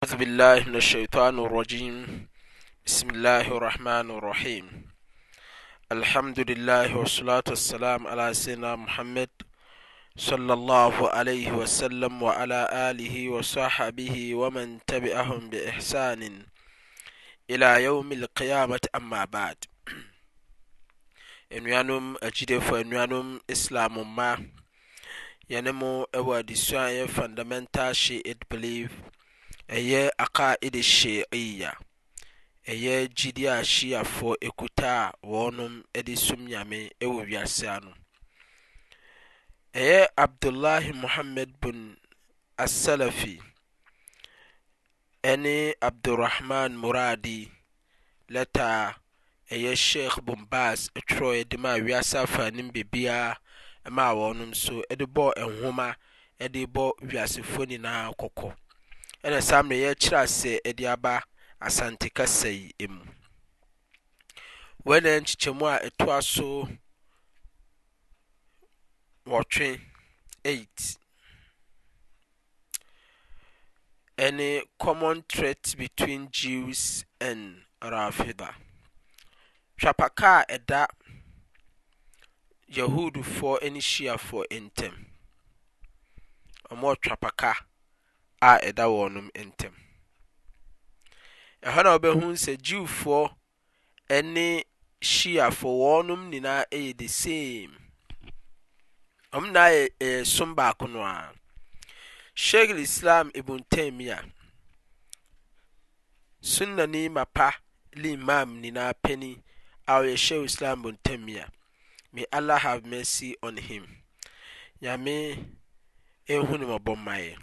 أعوذ بالله من الشيطان الرجيم بسم الله الرحمن الرحيم الحمد لله والصلاة والسلام على سيدنا محمد صلى الله عليه وسلم وعلى آله وصحبه ومن تبعهم بإحسان إلى يوم القيامة أما بعد إنوانم أجد فإنوانم إسلام ما ينمو mo ɛwɔ adesua yɛ fundamental ɛyɛ akaide shiiya ɛyɛ gyidi a shiafo ɛkuta a wɔnom de som nyame wɔ wiase ano ɛyɛ abdullahi muhammad bin asalafi ɛne abdurrahman muradi lɛtaa ɛyɛ sheikh bombas ɛtwerɛ ɛde ma a wiase afanim bebia ma wɔnom so ɛde bɔɔ nhoma ɛde bɔ wiasefo nyinaa kɔkɔ ɛna saa mmirɛ yɛakyirɛ asɛ adi aba asante kasayi mu wei na nkyekyɛmu a ɛtoa so wɔtwe ei ne common trat between jews an rafiha twapaka a ɛda yahodufoɔ ane hyiafoɔ ntam ɔmotwapa ka a ɛda wɔn ntam ɛhɔ na wɔbɛhu sɛ jiwfoɔ ne shiafoɔ wɔn nyinaa yɛ the same wɔn nyinaa yɛ ɛyɛ som baako no sheikh islam ibn taymiyah sunnani mapa limam nyinaa panyin a ɔyɛ sheikh islam ibn ya may allah have mercy on him nyame ehu ne mɔbɔ mmaa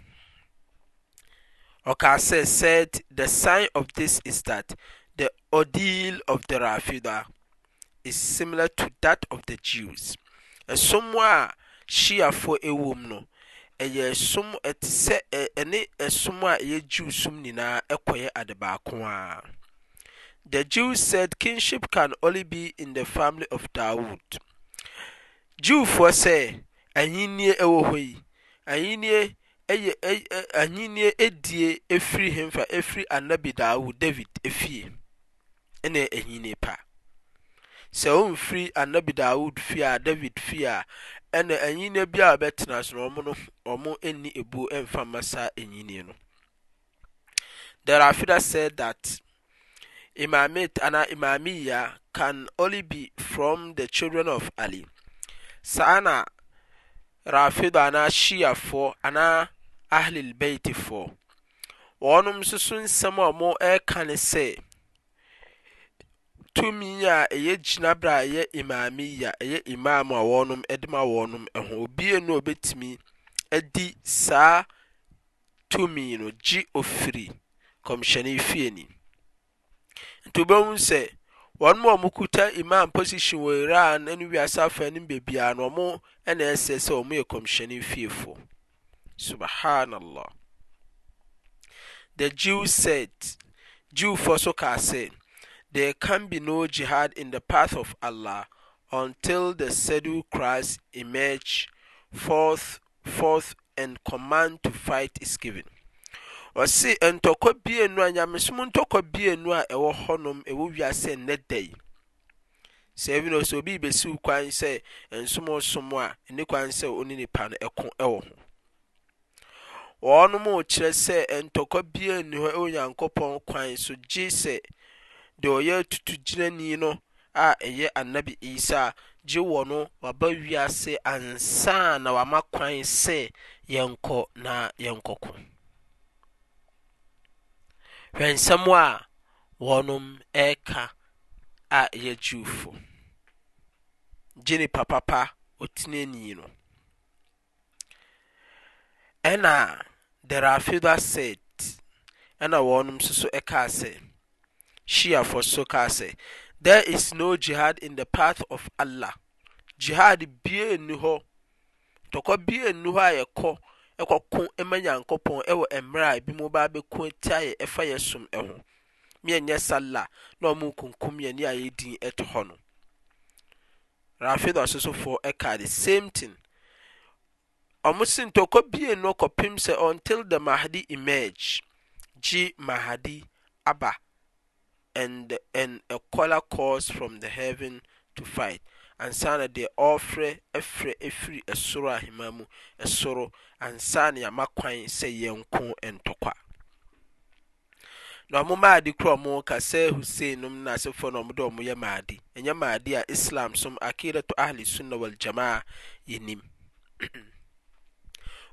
ɔkaa said the sign of this is that the ordeal of the rafida is similar to that of the jews ɛsom a shiafoɔ ɛwɔ mu no ɛyɛ som ɛte sɛ e, ɛne ɛsom a ɛyɛ jew som nyinaa ɛkɔyɛ ade baako a the jews said kinship can only be in the family of dawood jewfoɔ sɛ ɛyinie ɛwɔ hɔ yi ɛyinie ain die firi hem fa firi anabi daod david fie ne ayine pa sɛ wommfiri anabi daod fe a david fie a ɛna ayinn biaa ɔbɛtena sono ɔɔmo nni buo mfama sa ayini no the rafida said that ana imamiya kan only be from the children of ali saana rafida anaa shiafoɔ ana ahlil baitifoɔ wɔnom nso so nsɛm a wɔreka ne sɛ tumi a ɛyɛ gyinabere a ɛyɛ imamiya ɛyɛ imam a wɔnom de ma wɔnom ho obie no a obɛtumi di saa tumi no gye ofiri kɔmhyɛne fie ni nti wobɛhu sɛ wɔn a wɔkuta imam position wɔ iran ne wiase afa ne beebi a wɔn na ɛsɛ sɛ wɔn yɛ fiefoɔ subhanallah the jews said jew Fosoka so said there can be no jihad in the path of allah until the saddle christ emerge forth forth and command to fight is given ɔse ntɔkwa bienu a nyamesom ntɔkwa bienu a ɛwɔ hɔnom ɛwɔ wiase nnɛ da yi sɛ ebi na sɛ obi besiw kwan sɛ nsom som a ne kwan sɛ ɔne nipa no ɛko ɛwɔ ho wɔnom rekyerɛ sɛ ntɔkwa biara nni hɔ wɔ nyankopɔn kwan so gye sɛ deɛ ɔyɛ atutugyinani no a ɛyɛ annabi isa gye wɔ no waba wiase ansa na wama kwan sɛ yɛnkɔ na yɛnkɔko hwɛ a wɔnom ɛreka a ɛyɛ jiwfo gye nipa papa ɔtene ni no ɛna Derafidwa said ɛna wɔnom nso kaa sɛ shiafoɔ nso kaa sɛ there is no jihad in the path of Allah jihad bie nni hɔ tɔkɔ bie nni hɔ a yɛkɔ ɛkɔko ɛma nyankopɔn ɛwɔ mmerɛ a ebi mu ba abɛko tia yɛ ɛfa yɛ som ɛho mmea nyɛ salla na wɔn kunkum yɛn ne a yɛdi ɛto hɔ no rafidwa sosofoɔ ɛkaa the same thing ɔmosi ntɔkɔ bia no ɔkɔpem sɛ until the mahade emege ge mahadi aba an ɛkɔlar caus from the heaven to fight ansa na deɛ ɔfrɛ frɛ firi ɛsoro ahema mu ɛsoro ansane ama kwan sɛ yɛnko ntɔkwa na ɔmo maade koro mo kasɛ huseine nom na sɛf no ɔmo de ɔmo yɛ maade ɛnyɛ maadi a islam som akida to ahlissunna wal jamaan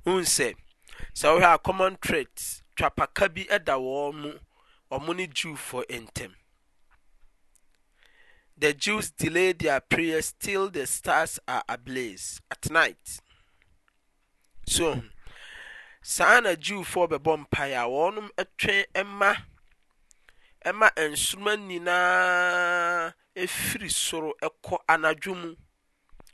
hu sɛ sɛ wohɛ a common trat twapaka bi ɛda wɔ mo ɔmo ne jewfɔ ntam the jews delay their prayers till the stars are ablace at night so saa na jewfoɔ bɛbɔ mpae a wɔnom ɛtwɛn ma ɛma nsoroma nnyinaa firi soro ɛkɔ anadwo mu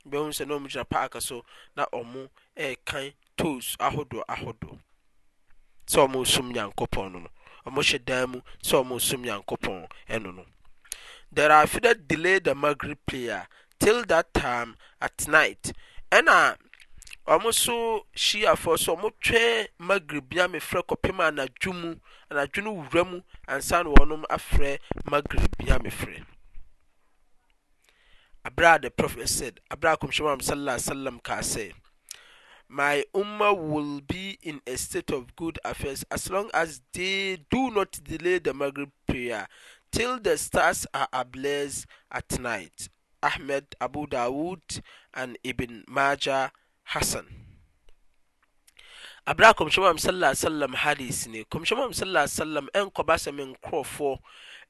bɛhu sɛ ne mgyina paakɛ so na ɔmo yɛkan toes ahodoɔ ahodoɔ sɛ wɔn resom nyankopɔn no no wɔn hyɛ dan mu sɛ wɔn resom nyankopɔn ɛno no thereafter delay the maghrib prayer till that time at night ɛna wɔn so shiafoɔ so wɔn twɛ maghrib bi a mefrɛ kɔpem anadwo mu anadwo no wura mu ansa na wɔn afrɛ maghrib bi mefrɛ abira the prophet said abira kɔmhyɛn wa sallallahu alaihi wasallam, sallam kaa my umma woll be in a state of good affairs as long as tey do not delay the magrib prayer till the stars are ablars at night ahmed abu dawod and ibn maga hassan aberɛ a kɔmhym am sael salem hades ne kɔmhyɛm amsalsalm nkɔbasɛ menkurɔfoɔ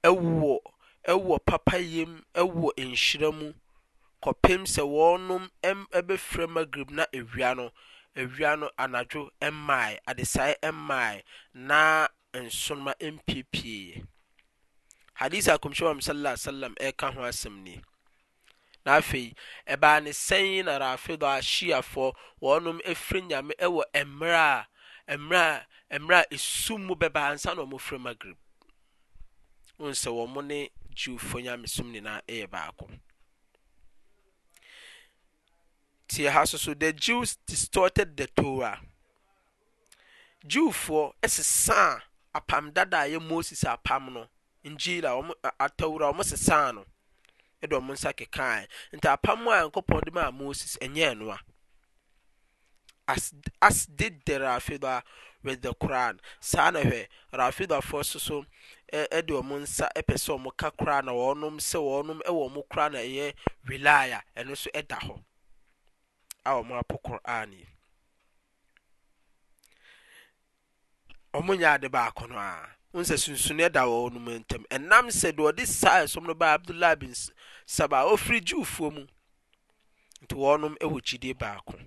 ɔwɔ papayam wɔ nhyira mu kɔpem sɛ wɔnom bɛfrɛ magrab na ewia no awia no anadwo mmaeɛ adesaeɛ mmaeɛ na nsoroma mpiepiiɛ hadis a kɔmhyɛ wam sallallahu alaihi wasallam ɛka ho asɛm ni na afei ɛbaa ne sɛn na rafido a shiafoɔ wɔnom ɛfiri nyame ɛwɔ mmerɛ a mmerɛ a mmerɛ a esum mu bɛba ansa na wɔfiri magrib wɔn sɛ wɔn ne jiwfoɔ nyamesom nyinaa ɛyɛ baako tiha sso the jews distorted the to a jewfoɔ sesaa apam dadaayɛ moses apam noniatara ɔmosesa nodeɔmo nsa keka nti apam mu a ankɔpɔnde m a moses ɛnyɛ ɛnoa asdidde rafidar with the coran saa na hw rafihafoɔ soso de mo nsa pɛ sɛ mo ka korana ɔnom sɛɔnwɔmo korana ɛyɛ wilia ɛnosdahɔ a wɔn apo kur'ani wɔn nyɛ ade baako no a nsɛ sunsun da wɔn mu ntam ɛnam sɛ deɛ ɔde saa ɛsɔm no ba abdullahi bin saba ofiri jiwfoɔ mu nti wɔn wɔ gyidie baako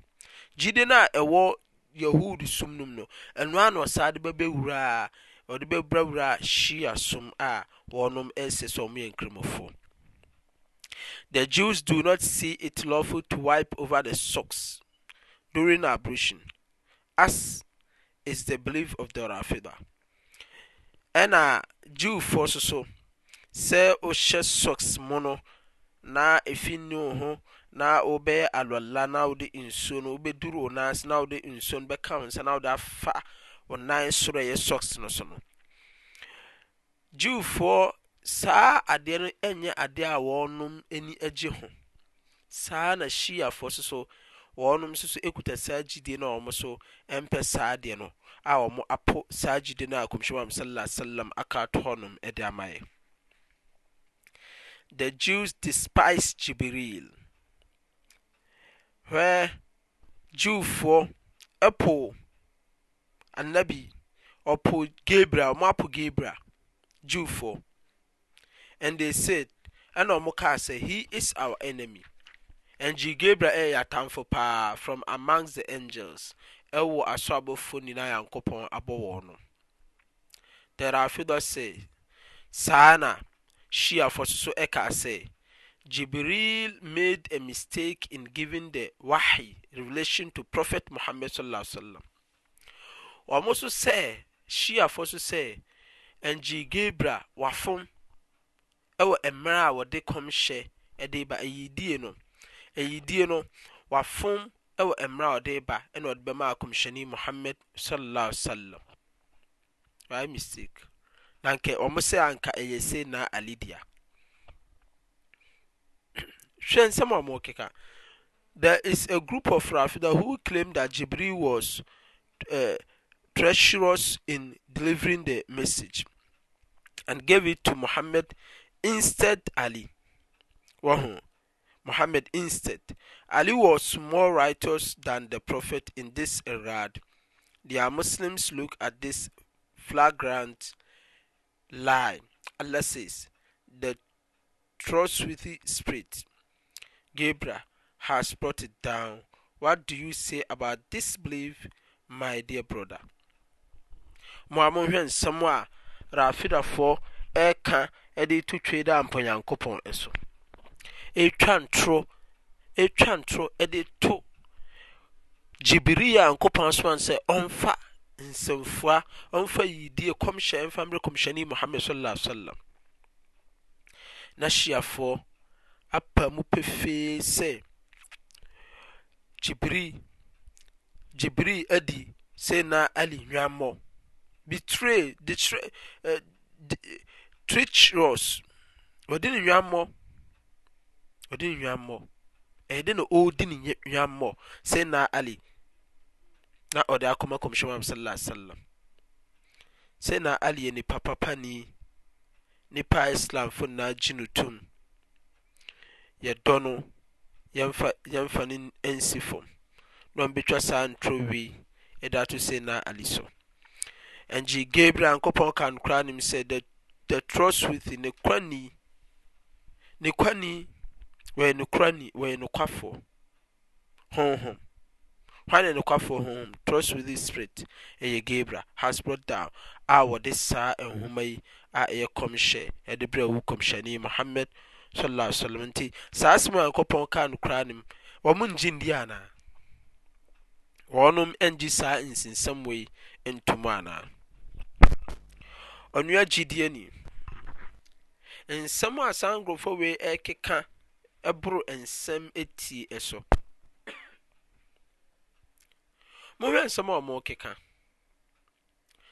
gyidie no a ɛwɔ yahud sum no mu no ɛnoa na ɔsaa de bɛbɛwura a ɔde bɛbɛwura shia sum a wɔn ɛsɛ sɛ wɔn yɛ nkramofoɔ. the jews do not see it lawful to wipe over the soks during abration as is the belief of the rafiber ɛna jiwfoɔ so so oh, sɛ wohyɛ soks mu no na ɛfi nni wo ho na wobɛyɛ alɔla na wode nsuo no wobɛduru wo nansna wo de nsuo no bɛka ho sana wode afa wo nan soroɛ soks no so no jifoɔ saa adeɛ no nyɛ adeɛ a wɔn ani gye ho saa na shiafoɔ nso so wɔn nso so kuta saa gyidie no a wɔn so mpɛ saa adeɛ no a wɔn apo saa gyidie no a kɔmhyɛn sallallahu alaihi wasallam aka ato hɔnom de ama yɛ the jews despise jibril hwɛ jewfoɔ ɛpo anabi ɔpo gebra wɔn apo gebra jewfoɔ te sid ɛna mo ka sɛ he is our enemy anjii gabra ɛyatamfo paa from among the angels wo asɔ abɔffo nyinaa nyankopɔn abɔ wɔ no de rafida sɛ saana syi afɔ soso ka sɛ jibril made a mistake in giving the wai revelation to prophet mohammed slasallam moo sɛsy afsosɛani gra ɛwɔ mmerɛ a wɔde kɔm hyɛ ɛde ba ayidie no ayidie no wafom ɛwɔ mmerɛ a ba ɛna bɛma akɔmhyɛni muhammed sallallahu sallam mistake na wɔn sɛ anka ɛyɛ se na alidia hwɛ nsɛm a there is a group of rafida who claim that jibril was uh, treacherous in delivering the message and gave it to muhammad insted ali w mohammd instead ali was more writers than the prophet in this erad thear muslims look at this flagrant lie a the troswithy sprit gabra has brogt it down what do you say about this believe my dear brother sem kade to twei dɛampɔnyankopɔn ɛso watɛtwa ntoro de to gibrie a nyankopɔn asoane sɛ ɔmfa nsɛmfua ɔmfa yidie kɔmhyɛ mfam brɛ kɔmhyɛnei mohamad sal ala salam na hyiafoɔ apa mu pefee sɛ gibrigibrie adi sɛ na alinnwammɔ betreedɛ tcrsdewaɔdnwammɔɛyɛde na ɔrɔdine wammɔ se nnaa ali na ɔde akɔma kɔmihyɛ moham saala salam sɛ naa ali yɛnipapapanii nipa a islamfo naa gye no tom yɛdɔ no yɛmfa no nsi fom na ɔm bɛtwa saa ntrɔ wii daato sɛ nnaa ali sɔ ngyi gabrea nkopɔn kankoranim sɛd wanioiɛnoafoɔ hohomha ne nokwafoɔ hohom truswthy sprit ɛyɛ gabra has broad down a wɔde saa anhoma yi a ɛyɛ kɔmhyɛ ɛde berɛ a wo kɔmhyɛ nii muhamed sɔlalaslm nti saa sɛ mɛ a nyankɔpɔn kar nokoraa ne m ɔ m ngyendi anaa ɔnom ngye saa nsinsɛmwɔi ntm anaa nsɛm a saa nkurɔfoɔ wei keka boro nsɛm tiɛso mohwɛ nsɛm a wɔ mokeka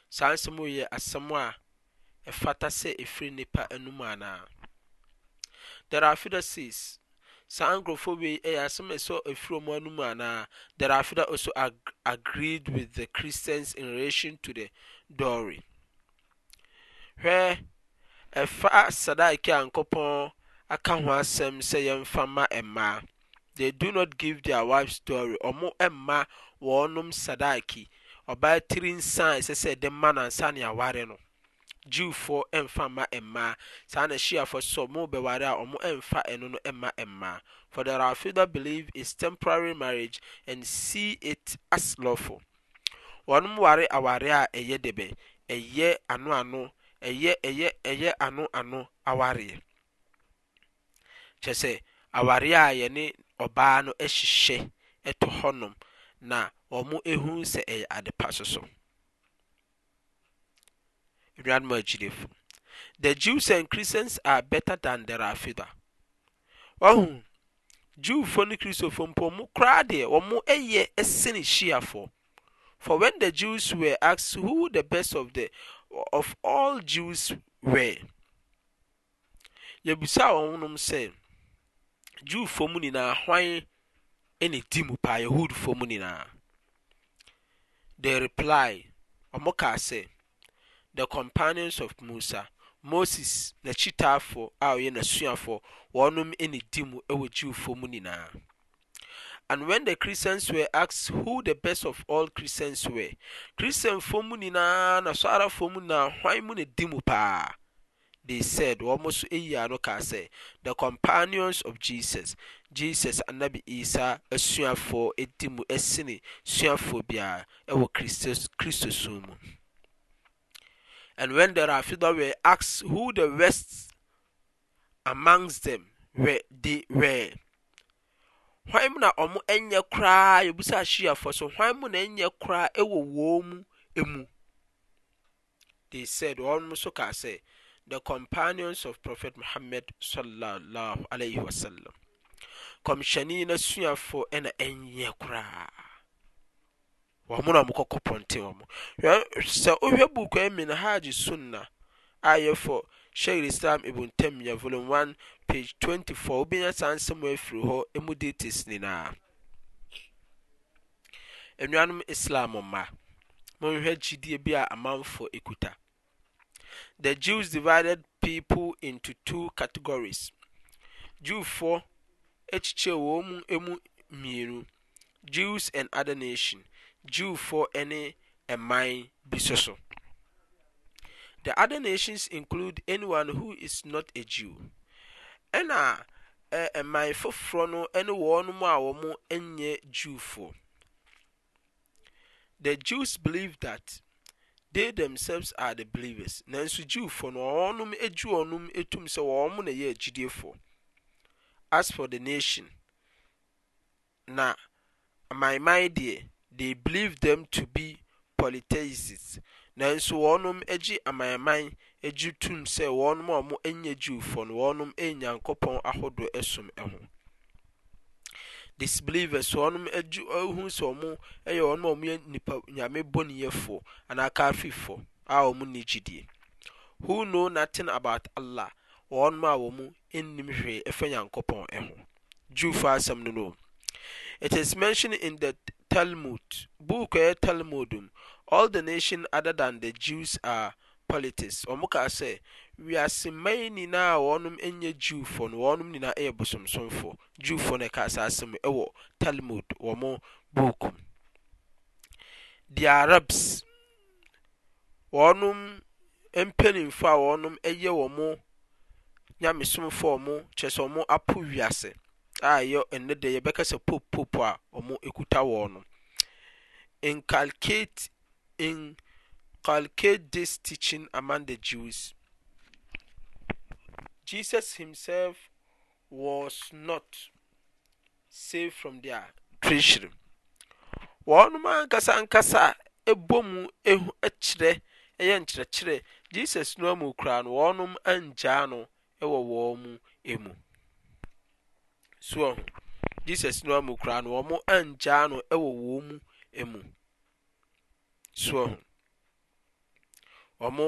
saa nsɛm ei yɛ asɛm a ɛfata sɛ ɛfiri nnipa anomu anaa daraafida siis saa nkorɔfɔ wei yɛ asm aɛsɛ afiri o mu anomu anaa daraafida ɔso agreed with the christians in relation to the dɔry ɛfa sadaki a nkɔpɔn aka ho asɛm sɛ yɛmfa ma mmaa they do not give their wives story ɔmo mma wɔnom sadaki ɔbaa tiri nsa a ɛsɛ sɛ ɛde ma nansa ne aware no jiwfoɔ mfa ma mmaa saa na hyiafoɔ sɛ ɔmo bɛware a ɔmo mfa ɛno no mma mmaa for the rafida believe is temporary marriage and see it as lawful wɔnom ware aware a ɛyɛ dɛbɛ ɛyɛ ano ano ɛyɛ ɛyɛ ɛyɛ ano ano awareɛ kyɛ sɛ awareɛ a yɛne ɔbaa no hyehyɛ ɛto hɔnom na wɔn ehu sɛ ɛyɛ ade pa soso nnuanom agyilefo the jews and christians are better than the afida ɔhu jewfo ne kristofo mpo mo koraa deɛ wɔn yɛ sene hyiafoɔ for when the jews were asked who the best of the of all jews wɛ yɛbisa a wɔ hnom sɛ jiwfɔ mu nyinaa hwan ne di mu paa yɛhudfɔ mu nyinaa the reply ɔmo ka sɛ the companions of musa moses nakyitaafoɔ a ɔyɛ nasuafɔ wɔnom ne di mu wɔ jiwfɔ mu nyinaa And when the Christians were asked who the best of all Christians were, Christian fomu nyinaa na sɔara fomu na hwan mu ne di mu paa. They said, almost nso ayi ano kaa sɛ, the companions of Jesus, Jesus anabi Isa asuafoɔ edi mu esini suafoɔ e wo Christos Christosum mu. And when the Rafida were asked who the best amongst them were, they were. hwan mu na ɔmo yɛ koraa yɛbusa syiyafoɔ so hwan mu na ɛyɛ koraa ɛwɔ wɔmu mu he said ɔnom so ka sɛ the companions of profet mohammad shal wasalam cɔmhyɛnii na suafo na ɛyɛ koraa ɔmo na ɔmo kɔkɔpɔten ɔmsɛ wo hwɛ buukwai minhage sunna ayɛf shɛlislam ibuntaa volume 1 pag 24 obinya sansɛm afiri hɔ mude tesninaa nuanom islam mma munhwɛ gyidie bi a amanfo ɛkuta the jews divided people into two categories juwfɔ kyikyire wɔmu mu mmienu jews an other nation jewfɔ ne ɛman bi soso the other nations include anyone who is not a jew ɛna ɛmae foforɔ no ɛne wɔɔno m a wɔ mo yɛ jewfoɔ the jews believe that they themselves are the believers nanso jewfoɔ no ɔwɔnom gyi wɔnom tum sɛ wɔ ɔ mo na yɛ agyidiefɔ as for the nation na mae mane deɛ the believe them to be polythaisits nanso wɔnom agye amanaman agye tom sɛ wɔnom a wɔn nyɛ Jewfoɔ no wɔnom nyankopɔn ahodoɔ ɛsom ho disbelievers wɔnom agye ehu sɛ wɔn yɛ wɔn a wɔyɛ nipa nyame bɔniyɛfoɔ anaa kaafifoɔ a wɔn ni gyidie who know nothing about Allah wɔnom a wɔn nnim hwee ɛfɛ nyankopɔn ho Jewfoɔ asɛm no no it is mentioned in the Talmud book ɛyɛ Talmud mu. allthe nation other tan the jews ar politics ɔ mo ka sɛ wiase mai nyinaa a wɔɔnom nyɛ jiwfɔ no wɔnom nyinaa yɛ bosomsomfoɔ jewfɔ no ɛka saa sɛ mu ɛwɔ talmud wɔ mo buukum the arabs wɔɔnom mpɛnimfo a wɔnom ɛyɛ wɔ mo nyamesomfo ɔ mo kyeɛ sɛ ɔmo apo wiase aynnede yɛbɛka sɛ popopo a ɔmo ɛkuta wɔ no inclcate ncalca dis teachin amn the jes jesus himsf nfrom te trsere ɔnom ankasankasa bmukyeryɛ nkyerɛkyerɛ jesss jesus no amu koraa no wɔ mo angyaa no wɔ wɔ mu mu suɔ ɔmo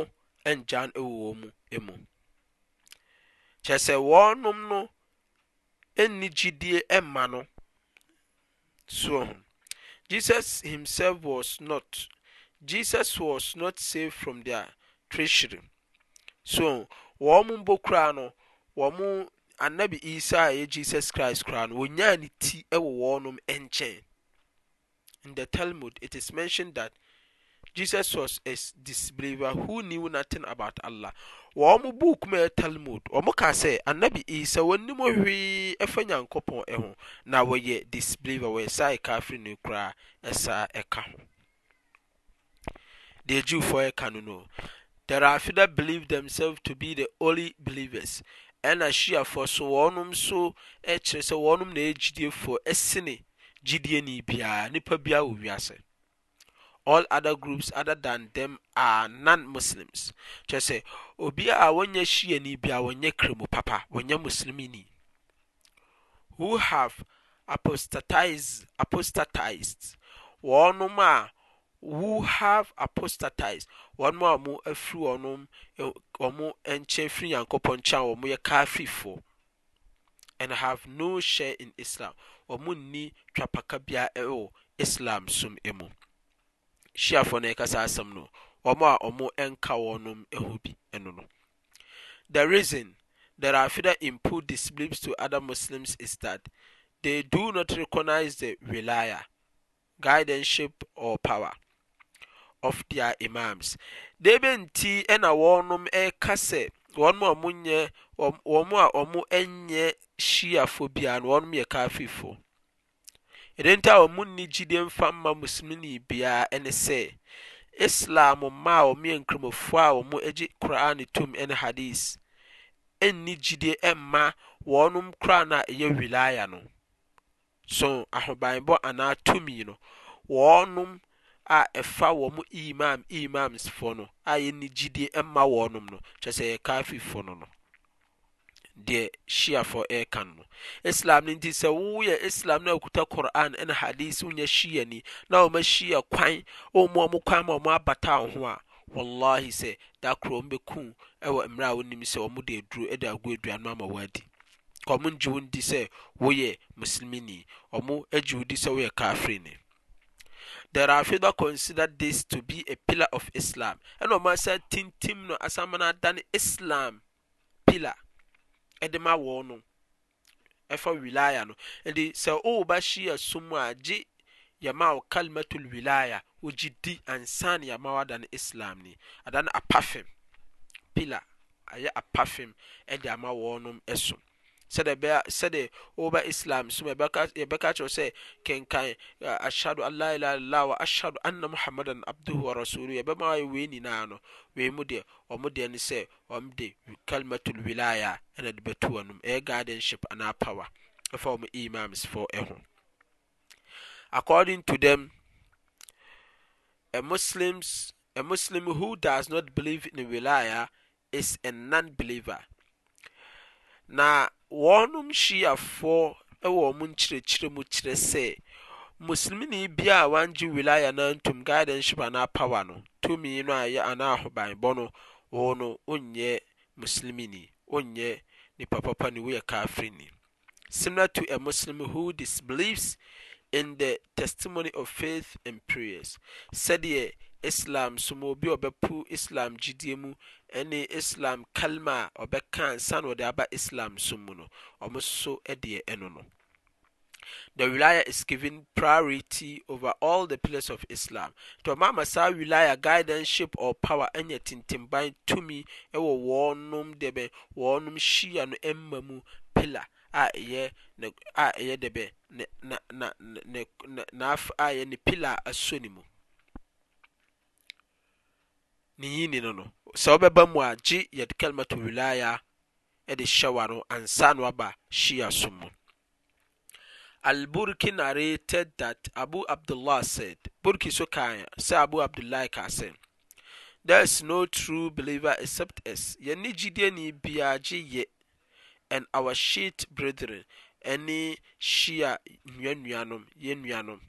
ngyan wɔwɔ mu mu kyeɛɛ sɛ wɔɔnom no nnigyidie mma no suɔh jesus himsf wsn jesus was not saved from their trasery suɔ wɔ mo mbo koraa no wɔ mo annabi isa a ɛyɛ jesus christ koraa no wɔnyaa ne ti wɔ wɔɔnom ɛnkyɛn in the telmod itis mentione Jesus was a disbeliever who knew nothing about Allah. Wɔn book mu yɛ Talmud. Wɔn ka sɛ Anabi Isa wɔnim hwee ɛfɛ Nyankopɔn ɛho na wɔyɛ disbeliever wɔyɛ saa ɛka afiri ne koraa ɛsaa ɛka ho. Deɛ Jewfoɔ ɛka no no. Thereafter they believe themselves to be the only believers. ɛna hyiafoɔ so wɔnom so ɛkyerɛ sɛ wɔnom na ɛyɛ gyidiefoɔ ɛsene gyidie ni biara nipa biara wɔ wiase all other groups other than them are non-muslims kyerɛ sɛ obi a wɔnyɛ shiani bi a wɔnyɛ kremu papa wɔnyɛ muslimini who have apostatized apostatized wɔnom a who have apostatized wɔnom a wɔn afiri wɔnom wɔn nkyɛn firi nyankopɔn nkyɛn a wɔyɛ kafirfoɔ and have no share in islam wɔn nni twapaka biara ɛwɔ islam som mu. siafo no ɛkasa asɛm no ɔma a ɔmo ɛnka wɔnom ho bi ɛno no the reason therafiha imput disblips to other muslims is that they do not recognise the relier guidanship or power of their imams de bɛnti ɛna wɔnom ɛka sɛ ɔm a ɔmo nyɛ hyiafɔ bia no wɔnom yɛ ka fi fo ɛdɛnti a wɔn nni gyidie mfa mma muslimni biara ne sɛ islam mmaa a wɔyɛ nkramofoɔ a wɔn gye koraa tom ne hadis nni gyidie mma wɔn koraa no a ɛyɛ wilaya no so ahobanbɔ anaa tumi no wɔn a ɛfa wɔn imam imamsfoɔ no a yɛnni ma mma wɔn no kyerɛ sɛ yɛ kaafifoɔ no no deɛ shiafo ɛka no islam no nti sɛ woyɛ islam na akuta Quran, ɛna hadis wonyɛ shia ni na ɔma shia kwan ɔmu ɔmo kwan ma ɔmo abata wo ho a wallahi sɛ da koro ɔmo bɛku ɛwɔ mmerɛ a wonim sɛ ɔmo de aduro ɛde agu aduano ama woadi kɔmo ngye wo di sɛ woyɛ musulmi ni ɔmo agye wo di sɛ woyɛ kafiri ni the Rafida consider this to be a pillar of Islam ɛna ɔmo asa tintim no asamana dan Islam pillar ɛde ma wɔɔ no ɛfa wiliah no ndi sɛ wo wɔ ba syi asom a gye yama wo calimato alwiliah ogye di ansane yama wa adano islam ni ada no apa fim pila ayɛ apa fim ɛde ama wɔɔ nom ɛsom sɛde bɛa sɛde woba islam ya yɛbɛka kyerɛw sɛ kenkan uh, ashhadu an la ilaha illallah wa ashhadu anna muhammadan abduhu wa rasuluhu yɛbɛma ayɛ wei nyinaa no wei mu deɛ ɔmo deɛ ne sɛ ɔm de kalmatul wilaya ɛna de bɛtu ɔnom ɛyɛ e guardianship anaa power ɛfa ɔmo imams fo ɛho e according to them a muslims a muslim who does not believe in wilaya is a non-believer na wɔnom nhyiyafoɔ wɔ mo nkyerɛkyerɛ mu kyerɛ sɛ muslimini biaa wangye williah naa ntom guidanship anaa power no tumii no ayɛ ana ahɔ ban bɔ no wɔ no wonyɛ muslimini woyɛ nipa papani wiyɛ kafrini sim nato a muslim who disblieves in the testimony of faith and prayers sɛdeɛ islam so ma obi a ɔbɛpu islam gyidie mu ane islam calem a ɔbɛkaa nsane wɔde aba islam so mu no ɔmo so deɛ ɛno no the wiliah is given priority over all the pillarce of islam nti ɔmaama saa wiliah guidanceship or power anya tentenban tumi ɛwɔ wɔɔnom dɛ bɛ wɔɔnom shiya no mma mu pillar ɛyɛ dɛ bɛ ayɛ ne pillar asɔne mu ne no no sɛ wobɛba mu a gye yɛde kalimatu wilaya de hyɛwa no ansa no aba shia so mu al-burki narrated that abu abdullah said burki so kan sɛ abu abdullah ka sɛ there is no true believer except us yɛne gyidieni biara gye yɛ and our sheet brethren ɛne shia nnuanuanom yɛn nuanom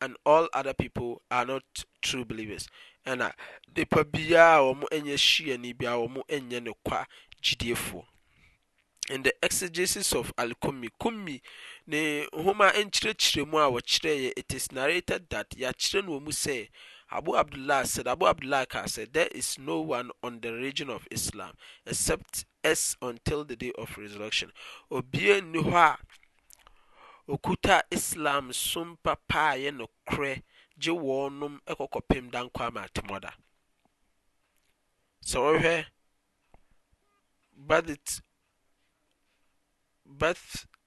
and all other people are not true believers ɛna nnipa bia a wɔ mo ɛnyɛ hyi ani bia wɔmo ɛnyɛ no kwa gyidiefoɔ in the exigecees of alcummi cummi ne nhoma nkyerɛkyerɛ mu a wɔkyerɛeɛ itis narrated that yɛakyerɛ no ɔ mu sɛ abo abdullah sid abo abdllah ca sɛ there is no one on the region of islam except as until the day of resurrection obie nni hɔ a okuta islam som papaa yɛ no korɛ gewɔno kɔkɔpem dakmatmda sɛ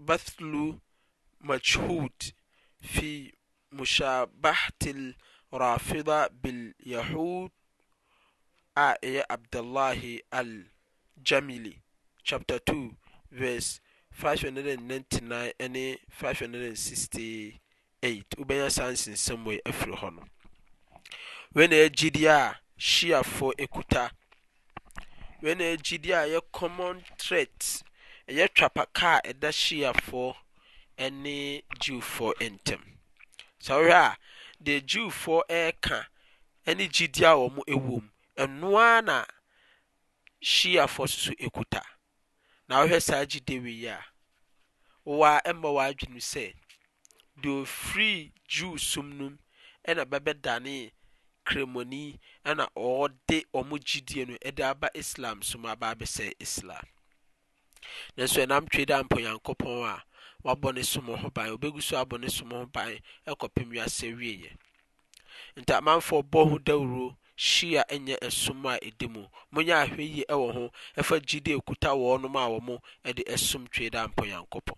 bathlu majhud fi musabahatirafida bilyahud aɛɛ abdlahi algamili c2 8 wobɛnya saa nsensɛm wei afiri hɔ no wei na agyideɛ a shiafoɔ ekuta wei na agyideɛ a ɛyɛ common threat ɛyɛ twapaka a ɛda shiafoɔ ne jewfoɔ ntam saa wohwɛ a deɛ jewfoɔ ɛreka ne gyideɛ a wɔn wɔ mu ɛnoa na shiafoɔ nso ekuta na wohwɛ saa gyideɛ wei a wɔn a ɛma wɔn adwene sɛ deɛ ofiri jew som no mu ɛna bɛbɛdane kremoni ɛna ɔde wɔn gyidie no ɛde aba islam sum aba abɛsɛe islam nanso ɛnam twe dɛ mpɔnyankopɔn a wabɔ ne sum ho ban obɛgu so abɔ ne sum ho ban ɛkɔpem wiase wieɛ nta amanfo bɔ ho dawuro shia ɛnyɛ ɛsom a ɛdi mu monyɛ ahwɛ yie ɛwɔ ho ɛfa gyidie kuta wɔnom a wɔn ɛde ɛsom twe dɛ mpɔnyankopɔn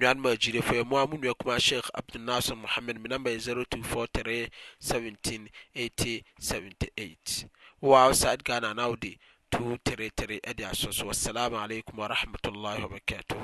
ywanmajiri foya moamunwakuma sheikh abdunasir muhammad minambaya 0243 17 1878 awsaad gananawde 233 adi asoso wassalamu alaikum warahmatullahi wabarkatuh